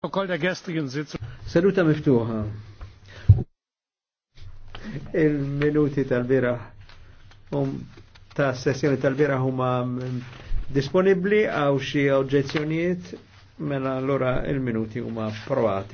Saluta miftuħa. Il-minuti tal-bira um, ta' sessjoni tal-bira huma disponibli għaw xie oġġezzjonijiet mela l-ora il-minuti huma provati.